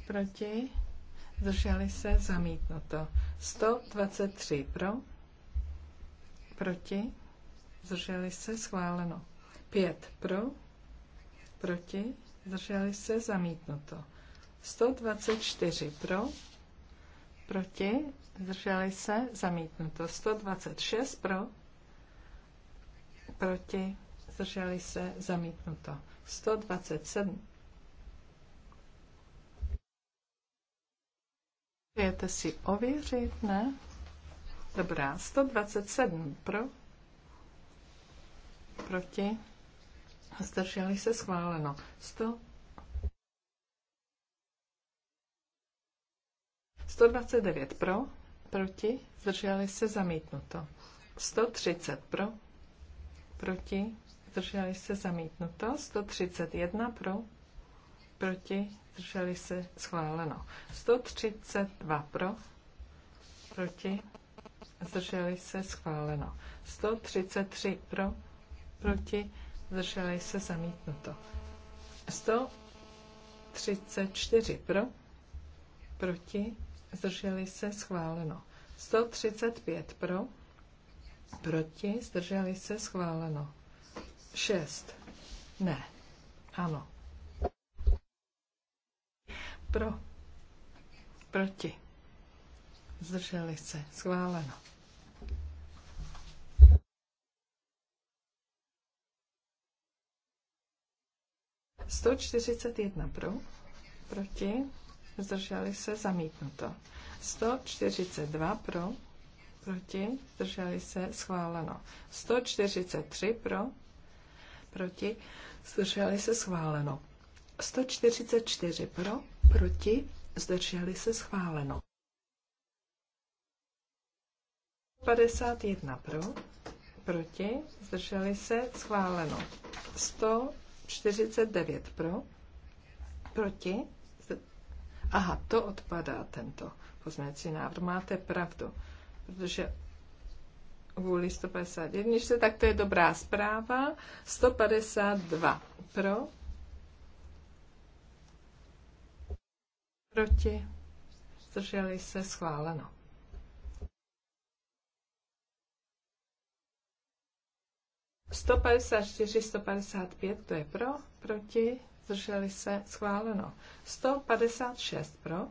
proti, zdrželi se, zamítnuto. 123 pro, proti, zdrželi se, schváleno. 5 pro, proti, zdrželi se, zamítnuto. 124 pro, proti, zdrželi se, zamítnuto. 126 pro, proti, zdrželi se, zamítnuto. 127. Chcete si ověřit, ne? Dobrá, 127 pro, proti, zdrželi se schváleno. 100, 129 pro, proti, zdrželi se zamítnuto. 130 pro, proti, zdrželi se zamítnuto. 131 pro, proti, zdrželi se schváleno. 132 pro, proti, zdrželi se schváleno. 133 pro, proti, zdrželi se zamítnuto. 134 pro, proti, zdrželi se schváleno. 135 pro, proti, zdrželi se schváleno. 6. Ne. Ano. Pro. Proti. Zdrželi se. Schváleno. 141 pro, proti, zdrželi se, zamítnuto. 142 pro, proti, zdrželi se, schváleno. 143 pro, proti, zdrželi se, schváleno. 144 pro, proti, zdrželi se, schváleno. 51 pro, proti, zdrželi se, schváleno. 100 49 pro, proti, aha, to odpadá tento pozměňovací návrh, máte pravdu, protože kvůli 151, tak to je dobrá zpráva, 152 pro, proti, zdrželi se schváleno. 154, 155, to je pro, proti, zdrželi se, schváleno. 156 pro,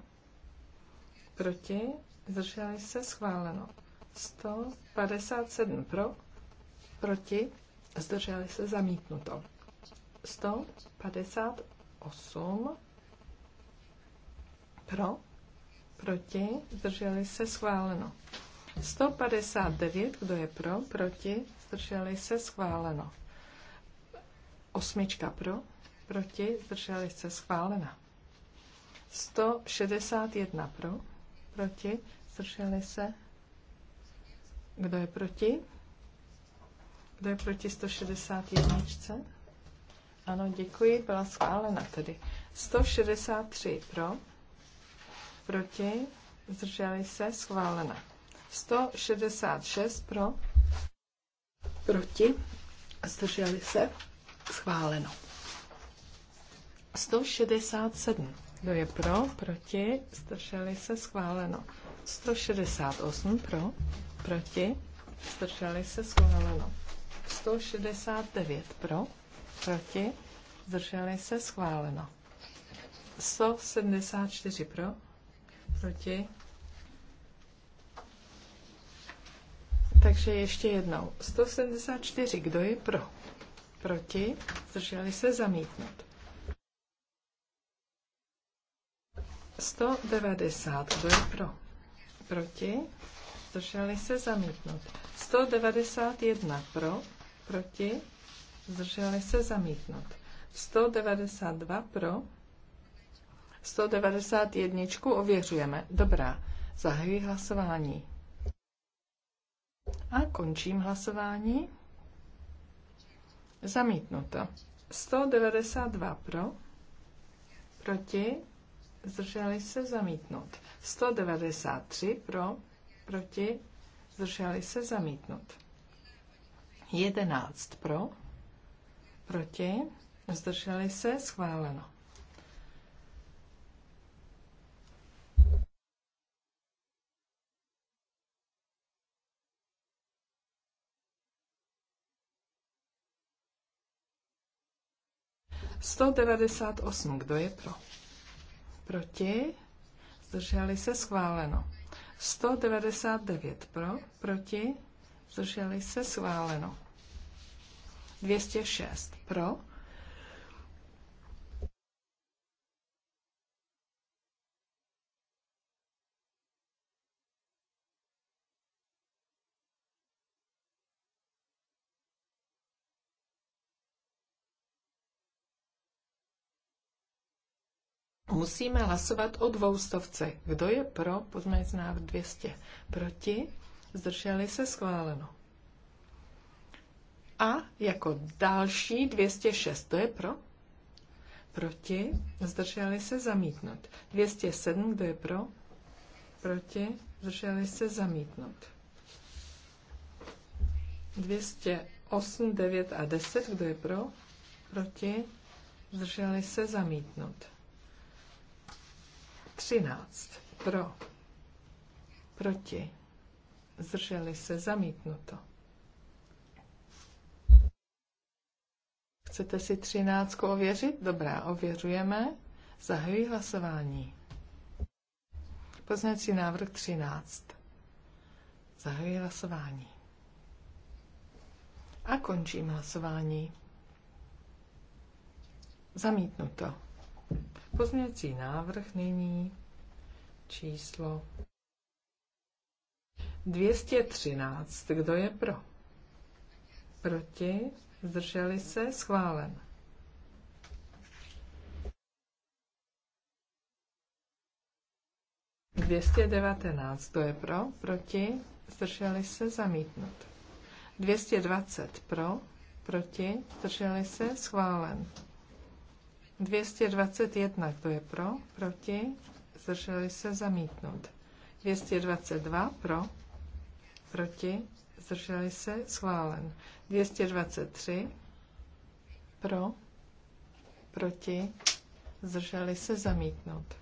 proti, zdrželi se, schváleno. 157 pro, proti, zdrželi se, zamítnuto. 158 pro, proti, zdrželi se, schváleno. 159, kdo je pro, proti, zdrželi se, schváleno. Osmička pro, proti, zdrželi se, schválena. 161 pro, proti, zdrželi se. Kdo je proti? Kdo je proti 161? Ano, děkuji, byla schválena tedy. 163 pro, proti, zdrželi se, schválena. 166 pro, proti, a zdrželi se, schváleno. 167. Kdo je pro, proti, zdrželi se, schváleno. 168 pro, proti, zdrželi se, schváleno. 169 pro, proti, zdrželi se, schváleno. 174 pro, proti, Takže ještě jednou. 174. Kdo je pro? Proti? Zdrželi se zamítnout. 190. Kdo je pro? Proti? Zdrželi se zamítnout. 191. Pro? Proti? Zdrželi se zamítnout. 192 pro. 191 ověřujeme. Dobrá. Zahajuji hlasování. A končím hlasování. Zamítnuto. 192 pro, proti, zdrželi se zamítnout. 193 pro, proti, zdrželi se zamítnout. 11 pro, proti, zdrželi se schváleno. 198. Kdo je pro? Proti? Zdrželi se schváleno. 199 pro, proti, zdrželi se schváleno. 206 pro, musíme hlasovat o dvoustovce. Kdo je pro pozměňovací návrh 200? Proti? Zdrželi se schváleno. A jako další 206, to je pro? Proti? Zdrželi se zamítnout. 207, kdo je pro? Proti? Zdrželi se zamítnout. 208, 9 a 10, kdo je pro? Proti? Zdrželi se zamítnout. 13. Pro. Proti. Zdrželi se. Zamítnuto. Chcete si třináctku ověřit? Dobrá, ověřujeme. Zahajuji hlasování. Poznací návrh 13. Zahajuji hlasování. A končím hlasování. Zamítnuto. Pozměňovací návrh nyní číslo 213. Kdo je pro? Proti? Zdrželi se? Schválen. Dvěstě devatenáct, to je pro, proti, zdrželi se, zamítnut. Dvěstě dvacet pro, proti, zdrželi se, schválen. 221, kdo je pro, proti, zdrželi se zamítnout. 222 pro, proti, zdrželi se schválen. 223 pro, proti, zdrželi se zamítnout.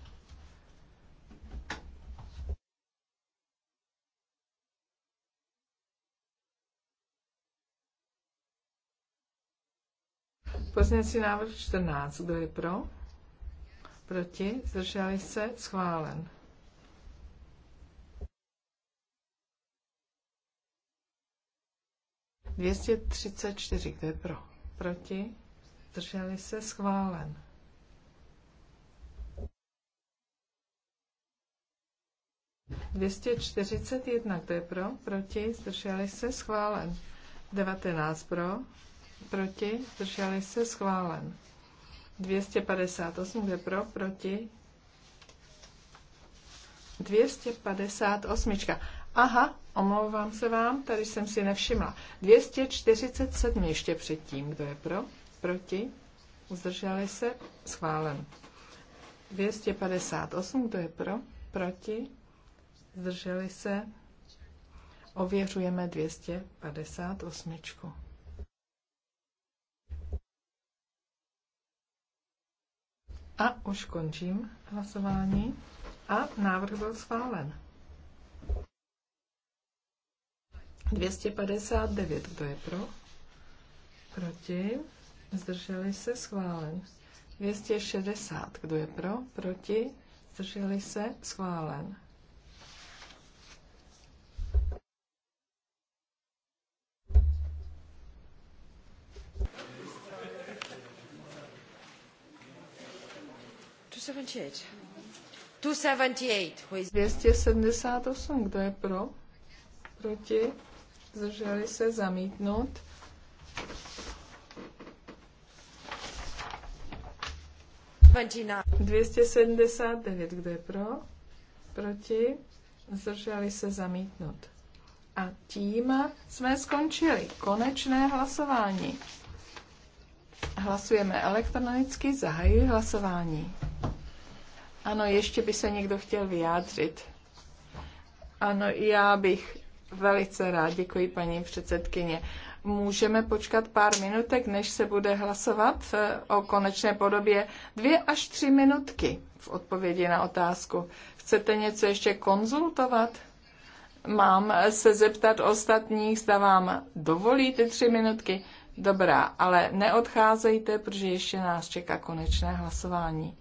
Pozměňovací návrh 14. Kdo je pro? Proti? Zdrželi se? Schválen. Dvěstě třicet čtyři. Kdo je pro? Proti? Zdrželi se? Schválen. Dvěstě čtyřicet jedna. Kdo je pro? Proti? Zdrželi se? Schválen. Devatenáct pro? proti, zdrželi se, schválen. 258, kde pro, proti, 258. Aha, omlouvám se vám, tady jsem si nevšimla. 247 ještě předtím, kdo je pro, proti, zdrželi se, schválen. 258, kdo je pro, proti, zdrželi se, ověřujeme 258. A už končím hlasování a návrh byl schválen. 259, kdo je pro? Proti? Zdrželi se? Schválen. 260, kdo je pro? Proti? Zdrželi se? Schválen. 278. 278, kdo je pro? Proti? Zdrželi se zamítnout. Dvěstě sedmdesát kdo je pro? Proti? Zdrželi se zamítnout. A tím jsme skončili konečné hlasování. Hlasujeme elektronicky, zahajuji hlasování. Ano, ještě by se někdo chtěl vyjádřit. Ano, já bych velice rád, děkuji paní předsedkyně. Můžeme počkat pár minutek, než se bude hlasovat eh, o konečné podobě. Dvě až tři minutky v odpovědi na otázku. Chcete něco ještě konzultovat? Mám se zeptat ostatních, zda vám dovolí ty tři minutky? Dobrá, ale neodcházejte, protože ještě nás čeká konečné hlasování.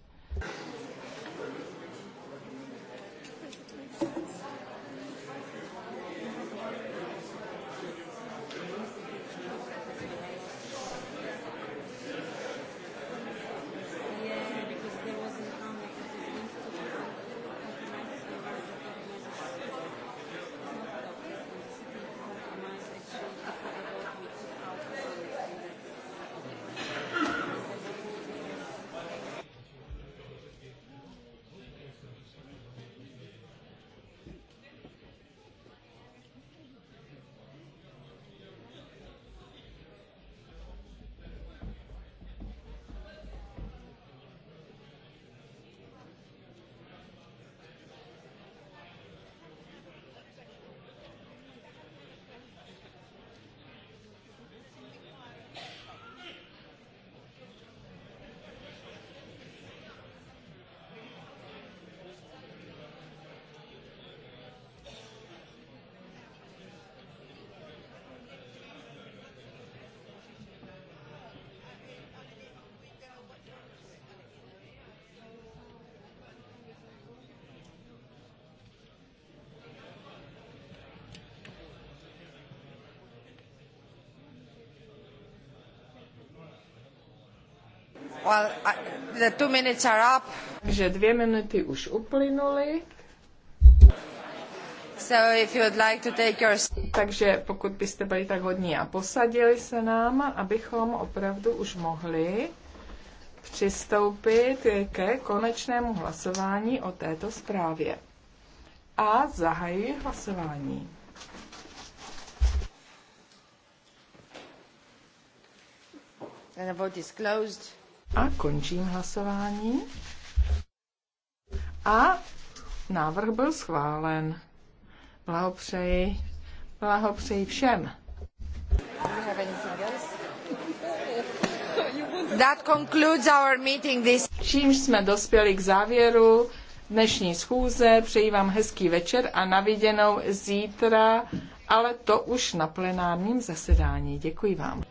Well, I, the two minutes are up. dvě minuty už uplynuly. So if you would like to take your... Takže pokud byste byli tak hodní a posadili se nám, abychom opravdu už mohli přistoupit ke konečnému hlasování o této zprávě. A zahajuji hlasování. And the vote is closed. A končím hlasování. A návrh byl schválen. Blahopřeji. Blahopřeji všem. That concludes our meeting this... Čímž jsme dospěli k závěru dnešní schůze. Přeji vám hezký večer a naviděnou zítra, ale to už na plenárním zasedání. Děkuji vám.